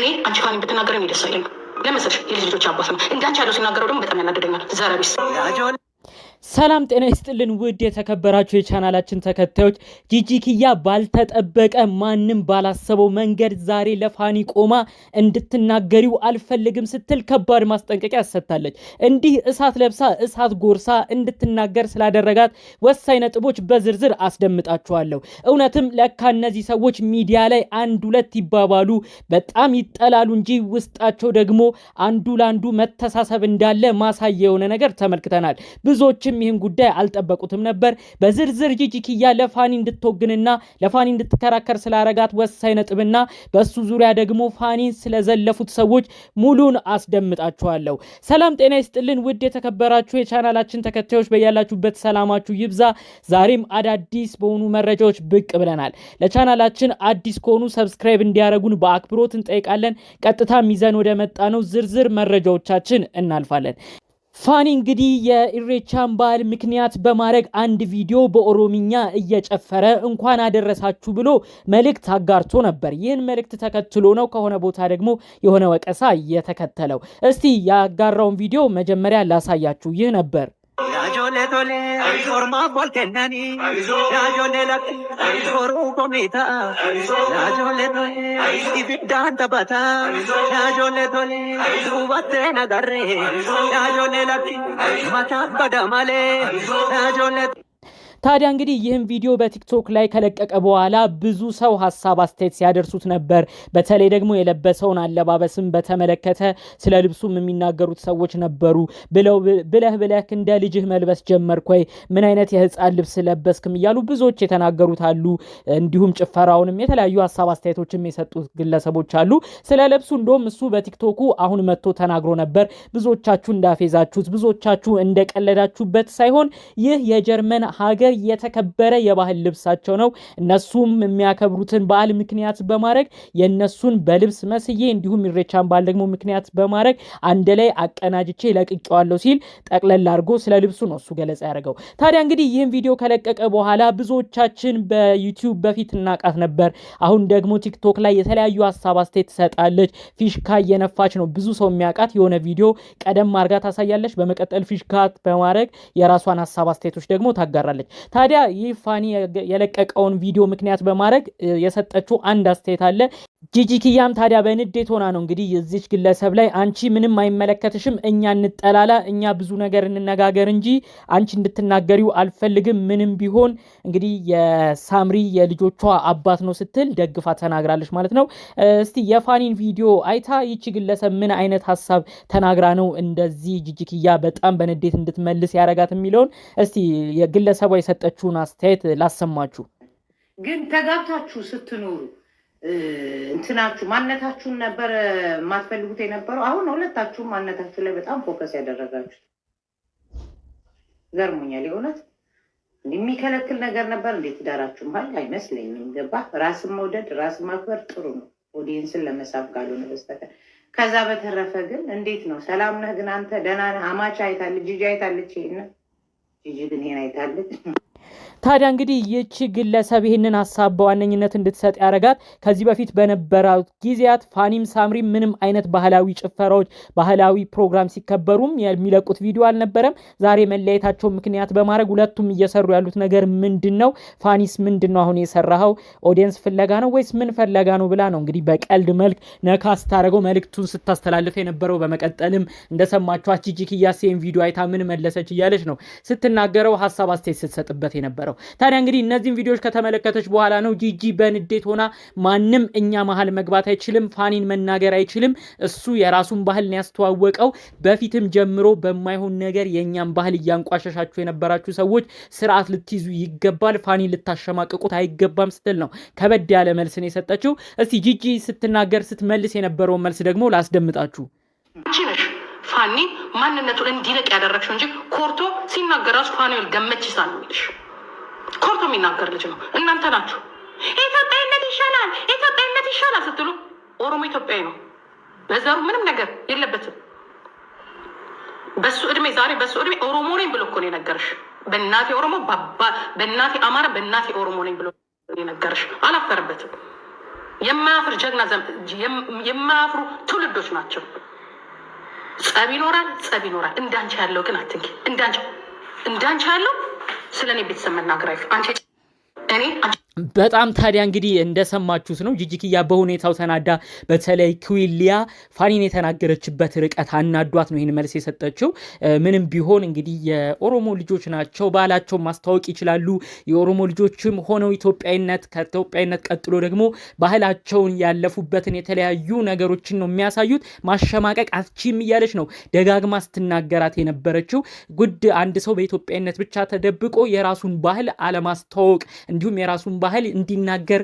እኔ አንቺ ካኔ ብትናገረኝ ደስ አይለኝም። ለመሰለሽ የልጅ ልጆች አባት ነው። እንዳንቺ ያለው ሲናገረው ደግሞ በጣም ያናደደኛል። ዘረቢስ ሰላም ጤና ይስጥልን ውድ የተከበራችሁ የቻናላችን ተከታዮች፣ ጂጂኪያ ባልተጠበቀ ማንም ባላሰበው መንገድ ዛሬ ለፋኒ ቆማ እንድትናገሪው አልፈልግም ስትል ከባድ ማስጠንቀቂያ ሰጥታለች። እንዲህ እሳት ለብሳ እሳት ጎርሳ እንድትናገር ስላደረጋት ወሳኝ ነጥቦች በዝርዝር አስደምጣችኋለሁ። እውነትም ለካ እነዚህ ሰዎች ሚዲያ ላይ አንድ ሁለት ይባባሉ፣ በጣም ይጠላሉ እንጂ ውስጣቸው ደግሞ አንዱ ለአንዱ መተሳሰብ እንዳለ ማሳያ የሆነ ነገር ተመልክተናል። ብዙዎችም ብዙዎችም ይህን ጉዳይ አልጠበቁትም ነበር። በዝርዝር ጂጂኪያ ለፋኒ እንድትወግንና ለፋኒ እንድትከራከር ስላረጋት ወሳኝ ነጥብና በሱ ዙሪያ ደግሞ ፋኒን ስለዘለፉት ሰዎች ሙሉን አስደምጣችኋለሁ። ሰላም ጤና ይስጥልን ውድ የተከበራችሁ የቻናላችን ተከታዮች በያላችሁበት ሰላማችሁ ይብዛ። ዛሬም አዳዲስ በሆኑ መረጃዎች ብቅ ብለናል። ለቻናላችን አዲስ ከሆኑ ሰብስክራይብ እንዲያደረጉን በአክብሮት እንጠይቃለን። ቀጥታ ሚዘን ወደ መጣ ነው ዝርዝር መረጃዎቻችን እናልፋለን። ፋኒ እንግዲህ የኢሬቻን በዓል ምክንያት በማድረግ አንድ ቪዲዮ በኦሮሚኛ እየጨፈረ እንኳን አደረሳችሁ ብሎ መልእክት አጋርቶ ነበር። ይህን መልእክት ተከትሎ ነው ከሆነ ቦታ ደግሞ የሆነ ወቀሳ እየተከተለው። እስቲ ያጋራውን ቪዲዮ መጀመሪያ ላሳያችሁ። ይህ ነበር tole, orma bol kennani, rajole lak, oru komita, rajole tole, ibiddan tabata, rajole tole, uvatte nagarre, rajole lak, mata badamale, rajole tole. ታዲያ እንግዲህ ይህም ቪዲዮ በቲክቶክ ላይ ከለቀቀ በኋላ ብዙ ሰው ሀሳብ አስተያየት ሲያደርሱት ነበር። በተለይ ደግሞ የለበሰውን አለባበስም በተመለከተ ስለ ልብሱም የሚናገሩት ሰዎች ነበሩ። ብለህ ብለህ እንደ ልጅህ መልበስ ጀመርክ ወይ? ምን አይነት የህፃን ልብስ ለበስክም? እያሉ ብዙዎች የተናገሩት አሉ። እንዲሁም ጭፈራውንም የተለያዩ ሀሳብ አስተያየቶችም የሰጡት ግለሰቦች አሉ። ስለ ልብሱ እንደውም እሱ በቲክቶኩ አሁን መጥቶ ተናግሮ ነበር። ብዙዎቻችሁ እንዳፌዛችሁት፣ ብዙዎቻችሁ እንደቀለዳችሁበት ሳይሆን ይህ የጀርመን ሀገር የተከበረ የባህል ልብሳቸው ነው። እነሱም የሚያከብሩትን በዓል ምክንያት በማድረግ የእነሱን በልብስ መስዬ እንዲሁም ኢሬቻን በዓል ደግሞ ምክንያት በማድረግ አንድ ላይ አቀናጅቼ ለቅቄዋለሁ ሲል ጠቅለል አድርጎ ስለ ልብሱ ነው እሱ ገለጻ ያደረገው። ታዲያ እንግዲህ ይህን ቪዲዮ ከለቀቀ በኋላ ብዙዎቻችን በዩቲዩብ በፊት እናቃት ነበር፣ አሁን ደግሞ ቲክቶክ ላይ የተለያዩ ሀሳብ አስተያየት ትሰጣለች። ፊሽካ እየነፋች ነው ብዙ ሰው የሚያውቃት የሆነ ቪዲዮ ቀደም አድርጋ ታሳያለች። በመቀጠል ፊሽካ በማድረግ የራሷን ሀሳብ አስተያየቶች ደግሞ ታጋራለች። ታዲያ ይህ ፋኒ የለቀቀውን ቪዲዮ ምክንያት በማድረግ የሰጠችው አንድ አስተያየት አለ። ጂጂ ኪያም ታዲያ በንዴት ሆና ነው እንግዲህ የዚች ግለሰብ ላይ አንቺ ምንም አይመለከትሽም፣ እኛ እንጠላላ፣ እኛ ብዙ ነገር እንነጋገር እንጂ አንቺ እንድትናገሪው አልፈልግም። ምንም ቢሆን እንግዲህ የሳምሪ የልጆቿ አባት ነው ስትል ደግፋ ተናግራለች ማለት ነው። እስቲ የፋኒን ቪዲዮ አይታ ይቺ ግለሰብ ምን አይነት ሀሳብ ተናግራ ነው እንደዚህ ጂጂ ኪያ በጣም በንዴት እንድትመልስ ያረጋት የሚለውን እስቲ የግለሰቧ የሰጠችውን አስተያየት ላሰማችሁ። ግን ተጋብታችሁ ስትኖሩ እንትናችሁ ማንነታችሁን ነበር የማትፈልጉት የነበረው። አሁን ሁለታችሁም ማንነታችሁ ላይ በጣም ፎከስ ያደረጋችሁ ገርሞኛል። የእውነት የሚከለክል ነገር ነበር እንዴት? ትዳራችሁ ባል አይመስለኝም። ገባ ራስን መውደድ ራስን ማክበር ጥሩ ነው፣ ኦዲየንስን ለመሳብ ካልሆነ በስተቀር። ከዛ በተረፈ ግን እንዴት ነው? ሰላም ነህ? ግን አንተ ደህና ነህ? አማች አይታለች፣ ልጅ አይታለች። ይሄን Did you did hear any tablet? ታዲያ እንግዲህ ይቺ ግለሰብ ይህንን ሀሳብ በዋነኝነት እንድትሰጥ ያደረጋት ከዚህ በፊት በነበረው ጊዜያት ፋኒም ሳምሪም ምንም አይነት ባህላዊ ጭፈራዎች፣ ባህላዊ ፕሮግራም ሲከበሩም የሚለቁት ቪዲዮ አልነበረም። ዛሬ መለያየታቸው ምክንያት በማድረግ ሁለቱም እየሰሩ ያሉት ነገር ምንድን ነው? ፋኒስ ምንድን ነው አሁን የሰራኸው ኦዲየንስ ፍለጋ ነው ወይስ ምን ፍለጋ ነው ብላ ነው እንግዲህ በቀልድ መልክ ነካ ስታደረገው መልእክቱን ስታስተላልፍ የነበረው። በመቀጠልም እንደሰማችሁ ጂጂ ኪያሴን ቪዲዮ አይታ ምን መለሰች እያለች ነው ስትናገረው ሀሳብ አስተያየት ስትሰጥበት የነበረው። ነው። ታዲያ እንግዲህ እነዚህን ቪዲዮዎች ከተመለከተች በኋላ ነው ጂጂ በንዴት ሆና ማንም እኛ መሀል መግባት አይችልም፣ ፋኒን መናገር አይችልም፣ እሱ የራሱን ባህል ነው ያስተዋወቀው፣ በፊትም ጀምሮ በማይሆን ነገር የእኛን ባህል እያንቋሸሻችሁ የነበራችሁ ሰዎች ስርዓት ልትይዙ ይገባል፣ ፋኒን ልታሸማቅቁት አይገባም ስትል ነው ከበድ ያለ መልስ ነው የሰጠችው። እስቲ ጂጂ ስትናገር ስትመልስ የነበረውን መልስ ደግሞ ላስደምጣችሁ። ፋኒ ማንነቱን እንዲለቅ ያደረግሽው እንጂ ኮርቶ ሲናገር ራሱ ፋኒ ገመች ኮርቶ የሚናገር ልጅ ነው። እናንተ ናችሁ ኢትዮጵያዊነት ይሻላል፣ ኢትዮጵያዊነት ይሻላል ስትሉ ኦሮሞ ኢትዮጵያዊ ነው። በዘሩ ምንም ነገር የለበትም። በሱ እድሜ ዛሬ በሱ እድሜ ኦሮሞ ነኝ ብሎ እኮ ነው የነገርሽ። በእናቴ ኦሮሞ፣ በእናቴ አማራ፣ በእናቴ ኦሮሞ ነኝ ብሎ የነገርሽ አላፈርበትም። የማያፍር ጀግና፣ የማያፍሩ ትውልዶች ናቸው። ጸብ ይኖራል፣ ጸብ ይኖራል። እንዳንቻ ያለው ግን አትንኪ። እንዳንቻ እንዳንቺ ያለው ስለ እኔ ቤተሰብ መናገር አይፍ አንቺ እኔ በጣም ታዲያ እንግዲህ እንደሰማችሁት ነው። ጅጅክያ በሁኔታው ተናዳ በተለይ ኩዊሊያ ፋኒን የተናገረችበት ርቀት አናዷት ነው ይህን መልስ የሰጠችው። ምንም ቢሆን እንግዲህ የኦሮሞ ልጆች ናቸው፣ ባህላቸውን ማስታወቅ ይችላሉ። የኦሮሞ ልጆችም ሆነው ኢትዮጵያዊነት ከኢትዮጵያዊነት ቀጥሎ ደግሞ ባህላቸውን ያለፉበትን የተለያዩ ነገሮችን ነው የሚያሳዩት። ማሸማቀቅ አትችም እያለች ነው ደጋግማ ስትናገራት የነበረችው። ጉድ አንድ ሰው በኢትዮጵያዊነት ብቻ ተደብቆ የራሱን ባህል አለማስተዋወቅ እንዲሁም የራሱን ባህል እንዲናገር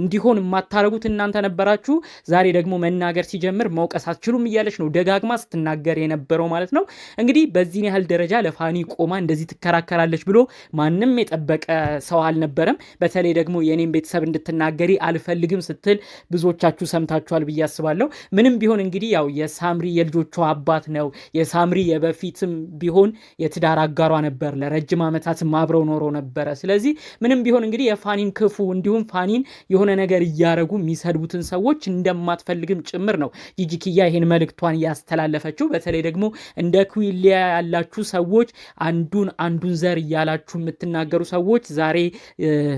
እንዲሆን የማታረጉት እናንተ ነበራችሁ። ዛሬ ደግሞ መናገር ሲጀምር መውቀስ አትችሉም እያለች ነው ደጋግማ ስትናገር የነበረው ማለት ነው። እንግዲህ በዚህን ያህል ደረጃ ለፋኒ ቆማ እንደዚህ ትከራከራለች ብሎ ማንም የጠበቀ ሰው አልነበረም። በተለይ ደግሞ የኔም ቤተሰብ እንድትናገሪ አልፈልግም ስትል ብዙዎቻችሁ ሰምታችኋል ብዬ አስባለሁ። ምንም ቢሆን እንግዲህ ያው የሳምሪ የልጆቿ አባት ነው። የሳምሪ የበፊትም ቢሆን የትዳር አጋሯ ነበር። ለረጅም ዓመታትም አብረው ኖሮ ነበረ። ስለዚህ ምንም ቢሆን እንግዲህ ፋኒን ክፉ እንዲሁም ፋኒን የሆነ ነገር እያረጉ የሚሰድቡትን ሰዎች እንደማትፈልግም ጭምር ነው ጂጂኪያ ይህን መልእክቷን ያስተላለፈችው። በተለይ ደግሞ እንደ ኩዊሊያ ያላችሁ ሰዎች አንዱን አንዱን ዘር እያላችሁ የምትናገሩ ሰዎች ዛሬ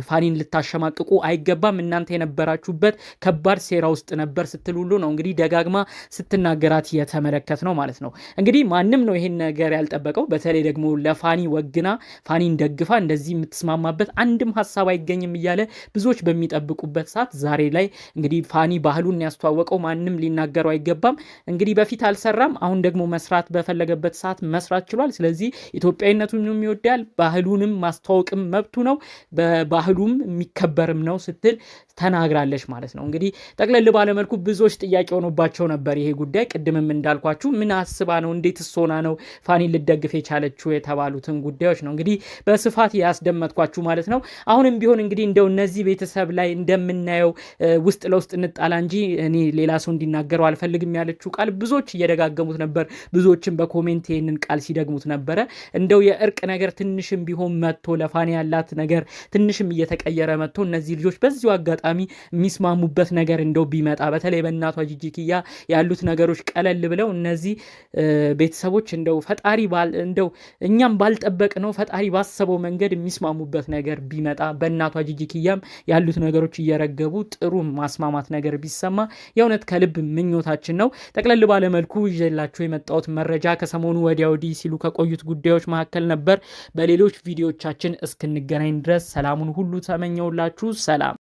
ፋኒን ልታሸማቅቁ አይገባም። እናንተ የነበራችሁበት ከባድ ሴራ ውስጥ ነበር ስትል ነው እንግዲህ ደጋግማ ስትናገራት የተመለከት ነው ማለት ነው። እንግዲህ ማንም ነው ይሄን ነገር ያልጠበቀው። በተለይ ደግሞ ለፋኒ ወግና ፋኒን ደግፋ እንደዚህ የምትስማማበት አንድም ሀሳብ አይገ አይገኝም እያለ ብዙዎች በሚጠብቁበት ሰዓት ዛሬ ላይ እንግዲህ ፋኒ ባህሉን ያስተዋወቀው ማንም ሊናገሩ አይገባም። እንግዲህ በፊት አልሰራም፣ አሁን ደግሞ መስራት በፈለገበት ሰዓት መስራት ችሏል። ስለዚህ ኢትዮጵያዊነቱንም ይወዳል፣ ባህሉንም ማስተዋወቅም መብቱ ነው፣ በባህሉም የሚከበርም ነው ስትል ተናግራለች ማለት ነው። እንግዲህ ጠቅለል ባለመልኩ ብዙዎች ጥያቄ ሆኖባቸው ነበር ይሄ ጉዳይ። ቅድምም እንዳልኳችሁ ምን አስባ ነው እንዴት ሶና ነው ፋኒን ልደግፍ የቻለችው የተባሉትን ጉዳዮች ነው እንግዲህ በስፋት ያስደመጥኳችሁ ማለት ነው። አሁንም ቢሆን እንግዲህ እንደው እነዚህ ቤተሰብ ላይ እንደምናየው ውስጥ ለውስጥ እንጣላ እንጂ እኔ ሌላ ሰው እንዲናገረው አልፈልግም ያለችው ቃል ብዙዎች እየደጋገሙት ነበር። ብዙዎችን በኮሜንት ይህንን ቃል ሲደግሙት ነበረ። እንደው የእርቅ ነገር ትንሽም ቢሆን መጥቶ ለፋኒ ያላት ነገር ትንሽም እየተቀየረ መጥቶ እነዚህ ልጆች በዚሁ አጋጣሚ የሚስማሙበት ነገር እንደው ቢመጣ በተለይ በእናቷ ጂጂኪያ ያሉት ነገሮች ቀለል ብለው እነዚህ ቤተሰቦች እንደው ፈጣሪ እንደው እኛም ባልጠበቅ ነው ፈጣሪ ባሰበው መንገድ የሚስማሙበት ነገር ቢመጣ በእና አቶ ጂጂ ኪያም ያሉት ነገሮች እየረገቡ ጥሩ ማስማማት ነገር ቢሰማ የእውነት ከልብ ምኞታችን ነው። ጠቅለል ባለመልኩ ይዤላችሁ የመጣሁት መረጃ ከሰሞኑ ወዲያ ወዲህ ሲሉ ከቆዩት ጉዳዮች መካከል ነበር። በሌሎች ቪዲዮዎቻችን እስክንገናኝ ድረስ ሰላሙን ሁሉ ተመኘውላችሁ። ሰላም